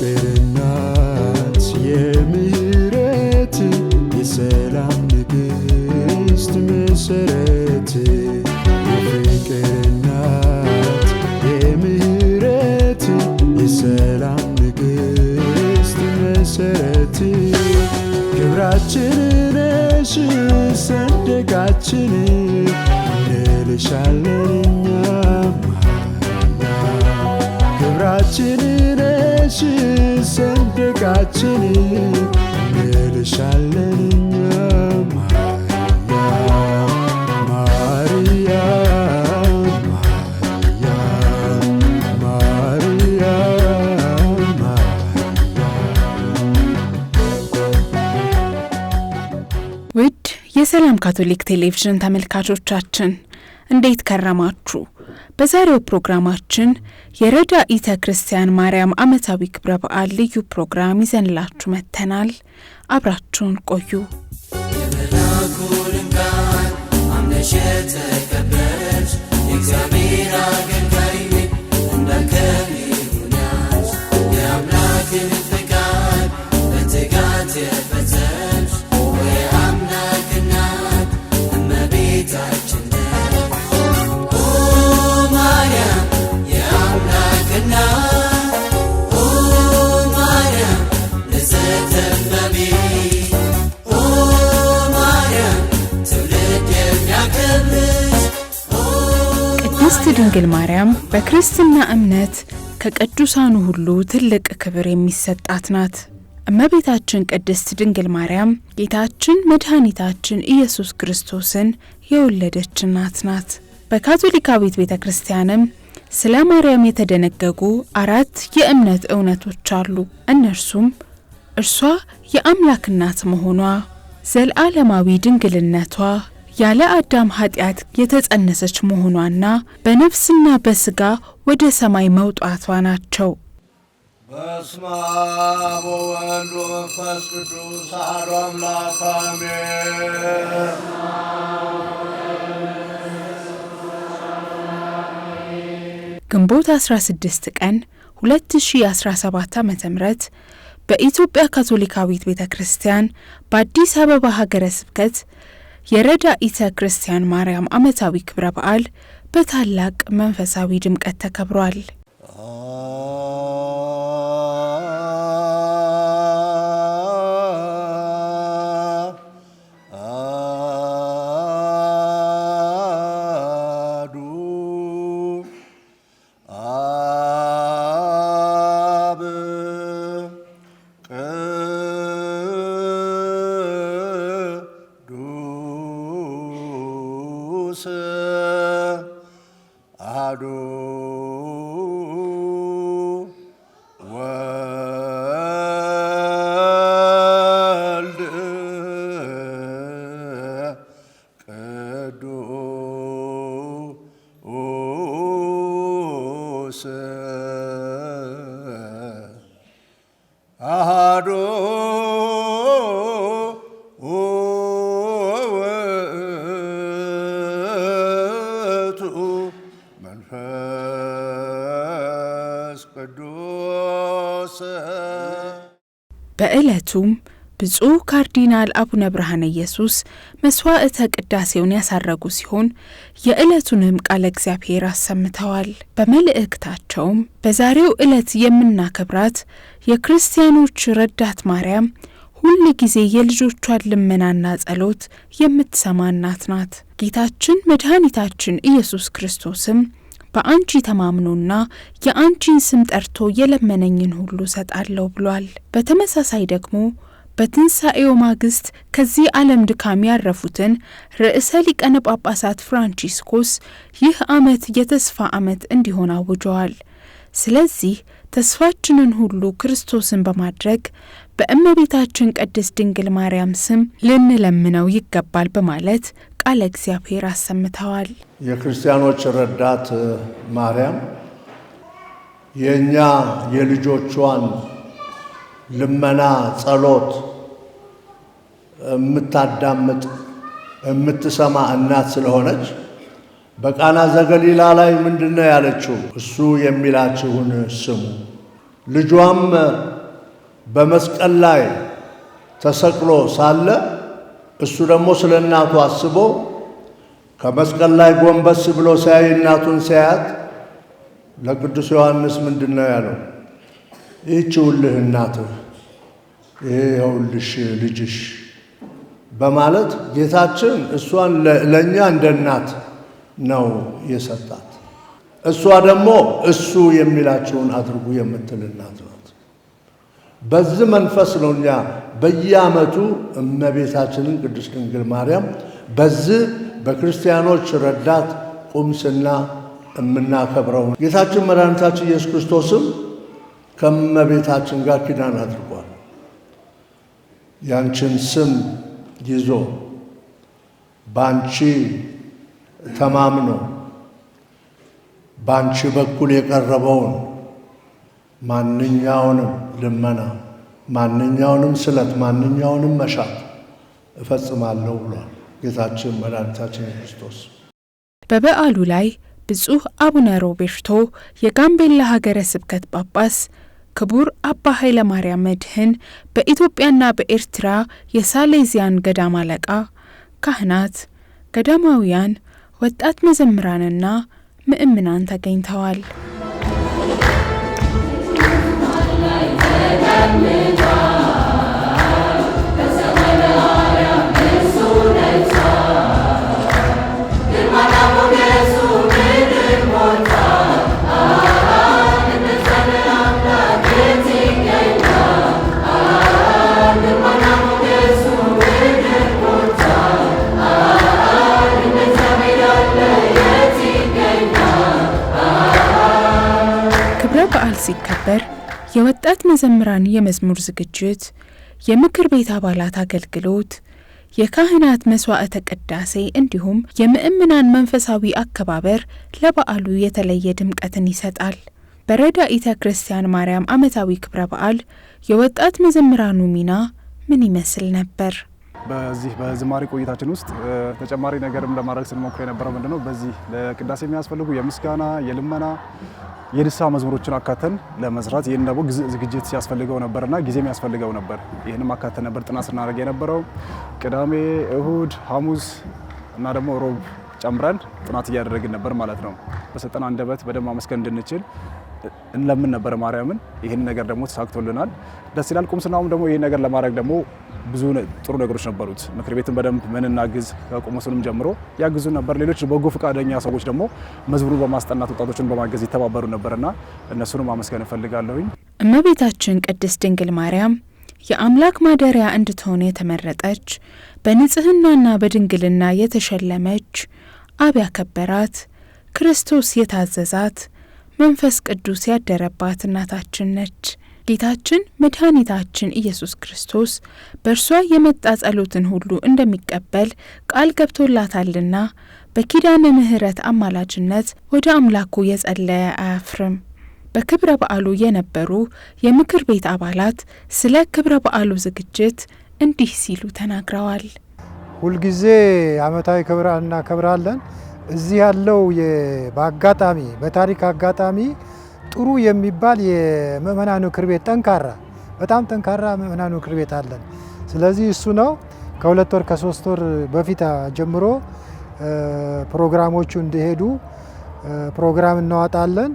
በእናት የምህረት የሰላም ንግሥት መሰረት የፍቅር እናት የምህረት የሰላም ንግሥት መሰረት ክብራችን ነሽ ሰንደቃችን እንልሻለን እኛም ክብራችን ሀገራችን ሰንደቃችን እንልሻለን የሰላም ካቶሊክ ቴሌቪዥን ተመልካቾቻችን እንዴት ከረማችሁ? በዛሬው ፕሮግራማችን የረዳኢተ ክርስቲያን ማርያም ዓመታዊ ክብረ በዓል ልዩ ፕሮግራም ይዘንላችሁ መጥተናል። አብራችሁን ቆዩ። የመላኩ ልንጋር አምነሽ ቅድስት ድንግል ማርያም በክርስትና እምነት ከቅዱሳኑ ሁሉ ትልቅ ክብር የሚሰጣት ናት። እመቤታችን ቅድስት ድንግል ማርያም ጌታችን መድኃኒታችን ኢየሱስ ክርስቶስን የወለደች እናት ናት። በካቶሊካዊት ቤተ ክርስቲያንም ስለ ማርያም የተደነገጉ አራት የእምነት እውነቶች አሉ። እነርሱም እርሷ የአምላክ እናት መሆኗ፣ ዘለዓለማዊ ድንግልነቷ ያለ አዳም ኃጢአት የተጸነሰች መሆኗና በነፍስና በስጋ ወደ ሰማይ መውጣቷ ናቸው። በስመ አብ ወወልድ ወመንፈስ ቅዱስ አሐዱ አምላክ አሜን። ግንቦት 16 ቀን 2017 ዓ ም በኢትዮጵያ ካቶሊካዊት ቤተ ክርስቲያን በአዲስ አበባ ሀገረ ስብከት የረዳኢተ ክርስቲያን ማርያም ዓመታዊ ክብረ በዓል በታላቅ መንፈሳዊ ድምቀት ተከብሯል። በዕለቱም ብፁዕ ካርዲናል አቡነ ብርሃነ ኢየሱስ መስዋዕተ ቅዳሴውን ያሳረጉ ሲሆን የዕለቱንም ቃለ እግዚአብሔር አሰምተዋል። በመልእክታቸውም በዛሬው ዕለት የምናከብራት የክርስቲያኖች ረዳት ማርያም ሁል ጊዜ የልጆቿን ልመናና ጸሎት የምትሰማ እናት ናት። ጌታችን መድኃኒታችን ኢየሱስ ክርስቶስም በአንቺ ተማምኖና የአንቺን ስም ጠርቶ የለመነኝን ሁሉ ሰጣለሁ ብሏል። በተመሳሳይ ደግሞ በትንሣኤው ማግስት ከዚህ ዓለም ድካም ያረፉትን ርዕሰ ሊቀነ ጳጳሳት ፍራንቺስኮስ ይህ ዓመት የተስፋ ዓመት እንዲሆን አውጀዋል። ስለዚህ ተስፋችንን ሁሉ ክርስቶስን በማድረግ በእመቤታችን ቅድስት ድንግል ማርያም ስም ልንለምነው ይገባል በማለት ቃለ እግዚአብሔር አሰምተዋል። የክርስቲያኖች ረዳት ማርያም የእኛ የልጆቿን ልመና ጸሎት የምታዳምጥ የምትሰማ እናት ስለሆነች በቃና ዘገሊላ ላይ ምንድን ነው ያለችው? እሱ የሚላችሁን ስሙ። ልጇም በመስቀል ላይ ተሰቅሎ ሳለ እሱ ደግሞ ስለ እናቱ አስቦ ከመስቀል ላይ ጎንበስ ብሎ ሲያይ እናቱን ሲያያት ለቅዱስ ዮሐንስ ምንድን ነው ያለው? ይህች ውልህ እናትህ፣ ይሄ የውልሽ ልጅሽ በማለት ጌታችን እሷን ለእኛ እንደ እናት ነው የሰጣት። እሷ ደግሞ እሱ የሚላቸውን አድርጉ የምትል እናት ነው። በዚህ መንፈስ ነው እኛ በየዓመቱ እመቤታችንን ቅድስት ድንግል ማርያም በዚህ በክርስቲያኖች ረዳት ቁምስና የምናከብረው። ጌታችን መድኃኒታችን ኢየሱስ ክርስቶስም ከእመቤታችን ጋር ኪዳን አድርጓል። ያንቺን ስም ይዞ በአንቺ ተማምኖ በአንቺ በኩል የቀረበውን ማንኛውንም ልመና፣ ማንኛውንም ስለት፣ ማንኛውንም መሻት እፈጽማለሁ ብሏል ጌታችን መድኃኒታችን ክርስቶስ። በበዓሉ ላይ ብፁዕ አቡነ ሮቤርቶ የጋምቤላ ሀገረ ስብከት ጳጳስ ክቡር አባ ኃይለ ማርያም መድህን በኢትዮጵያና በኤርትራ የሳሌዚያን ገዳም አለቃ፣ ካህናት፣ ገዳማውያን፣ ወጣት መዘምራንና ምእምናን ተገኝተዋል። Amen. የወጣት መዘምራን የመዝሙር ዝግጅት፣ የምክር ቤት አባላት አገልግሎት፣ የካህናት መስዋዕተ ቅዳሴ እንዲሁም የምእምናን መንፈሳዊ አከባበር ለበዓሉ የተለየ ድምቀትን ይሰጣል። በረዳኢተ ክርስቲያን ማርያም ዓመታዊ ክብረ በዓል የወጣት መዘምራኑ ሚና ምን ይመስል ነበር? በዚህ በዝማሬ ቆይታችን ውስጥ ተጨማሪ ነገርም ለማድረግ ስንሞክር የነበረው ምንድነው በዚህ ለቅዳሴ የሚያስፈልጉ የምስጋና፣ የልመና፣ የድሳ መዝሙሮችን አካተን ለመስራት ይህን ደግሞ ዝግጅት ሲያስፈልገው ነበርና ጊዜም ያስፈልገው ነበር። ይህንም አካተን ነበር ጥናት ስናደርግ የነበረው ቅዳሜ፣ እሁድ፣ ሐሙስ እና ደግሞ ሮብ ጨምረን ጥናት እያደረግን ነበር ማለት ነው። በሰጠን አንደበት በደንብ ማመስገን እንድንችል እንለምን ነበር ማርያምን። ይህን ነገር ደግሞ ተሳክቶልናል። ደስ ይላል። ቁምስናውም ደግሞ ይህን ነገር ለማድረግ ደግሞ ብዙ ጥሩ ነገሮች ነበሩት። ምክር ቤትን በደንብ መንናግዝ እናግዝ ጀምሮ ያግዙ ነበር። ሌሎች በጎ ፈቃደኛ ሰዎች ደግሞ መዝሙሩን በማስጠናት ወጣቶችን በማገዝ ይተባበሩ ነበርና እነሱንም ማመስገን እፈልጋለሁኝ። እመቤታችን ቅድስት ድንግል ማርያም የአምላክ ማደሪያ እንድትሆን የተመረጠች በንጽህናና በድንግልና የተሸለመች አብ ያከበራት ክርስቶስ የታዘዛት መንፈስ ቅዱስ ያደረባት እናታችን ነች። ጌታችን መድኃኒታችን ኢየሱስ ክርስቶስ በእርሷ የመጣ ጸሎትን ሁሉ እንደሚቀበል ቃል ገብቶላታልና በኪዳነ ምሕረት አማላጅነት ወደ አምላኩ የጸለየ አያፍርም። በክብረ በዓሉ የነበሩ የምክር ቤት አባላት ስለ ክብረ በዓሉ ዝግጅት እንዲህ ሲሉ ተናግረዋል። ሁልጊዜ ዓመታዊ ክብረ እናከብራለን እዚህ ያለው በአጋጣሚ በታሪክ አጋጣሚ ጥሩ የሚባል የምእመናን ምክር ቤት ጠንካራ በጣም ጠንካራ ምእመናን ምክር ቤት አለን። ስለዚህ እሱ ነው ከሁለት ወር ከሶስት ወር በፊት ጀምሮ ፕሮግራሞቹ እንዲሄዱ ፕሮግራም እናወጣለን።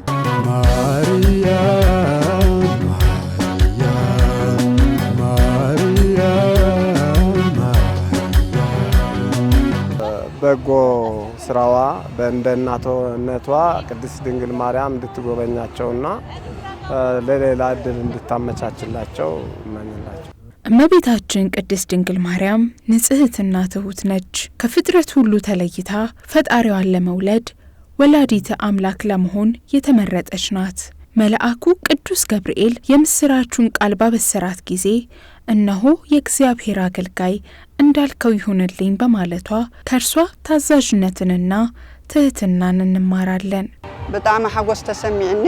በጎ ስራዋ በእንደ እናትነቷ ቅድስት ድንግል ማርያም እንድትጎበኛቸውና ለሌላ እድል እንድታመቻችላቸው እመኝላቸው። እመቤታችን ቅድስት ድንግል ማርያም ንጽህትና ትሑት ነች። ከፍጥረት ሁሉ ተለይታ ፈጣሪዋን ለመውለድ ወላዲተ አምላክ ለመሆን የተመረጠች ናት። መልአኩ ቅዱስ ገብርኤል የምስራቹን ቃል ባበሰራት ጊዜ እነሆ የእግዚአብሔር አገልጋይ እንዳልከው ይሁንልኝ በማለቷ ከእርሷ ታዛዥነትንና ትህትናን እንማራለን። በጣም ሓጎስ ተሰሚዕኒ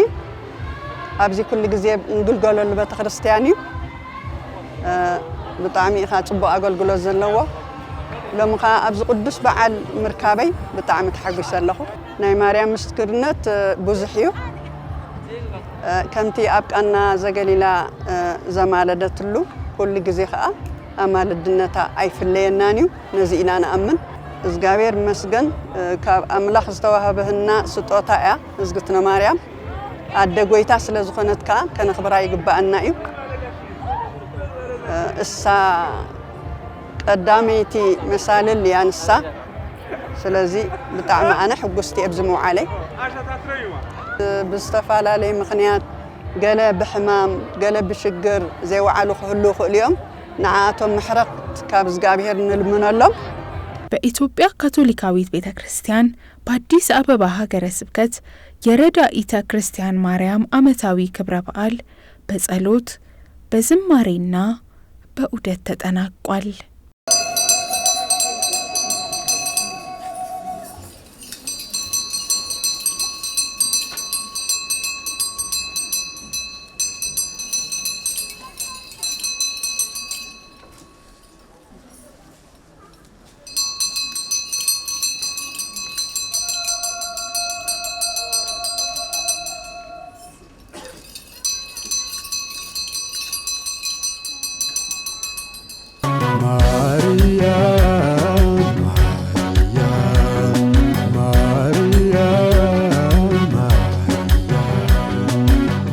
ኣብዚ ኩሉ ግዜ እንግልገለሉ ቤተ ክርስቲያን እዩ ብጣዕሚ ኢኻ ፅቡቅ ኣገልግሎት ዘለዎ ሎሚ ከዓ ኣብዚ ቅዱስ በዓል ምርካበይ ብጣዕሚ ተሓጒሰ ኣለኹ ናይ ማርያም ምስክርነት ብዙሕ እዩ ከምቲ ኣብ ቃና ዘገሊላ ዘማለደትሉ ኩሉ ግዜ ከዓ ኣማልድነታ ኣይፍለየናን እዩ ነዚ ኢና ንኣምን እግዚኣብሔር መስገን ካብ ኣምላኽ ዝተዋህበህና ስጦታ እያ እዝግትነ ማርያም ኣደ ጎይታ ስለ ዝኾነት ከዓ ከነኽብራ ይግባአና እዩ እሳ ቀዳመይቲ መሳልል እያ ንሳ ስለዚ ብጣዕሚ ኣነ ሕጉስቲ እየ ብዝምውዓለይ ብዝተፈላለዩ ምክንያት ገለ ብሕማም ገለ ብሽግር ዘይወዓሉ ክህሉ ይኽእሉ እዮም ንዓቶም ምሕረት ካብ እግዚኣብሔር ንልምነሎም በኢትዮጵያ ካቶሊካዊት ቤተ ክርስቲያን በአዲስ አበባ ሀገረ ስብከት የረዳኢተ ክርስቲያን ማርያም ዓመታዊ ክብረ በዓል በጸሎት በዝማሬና በዑደት ተጠናቋል።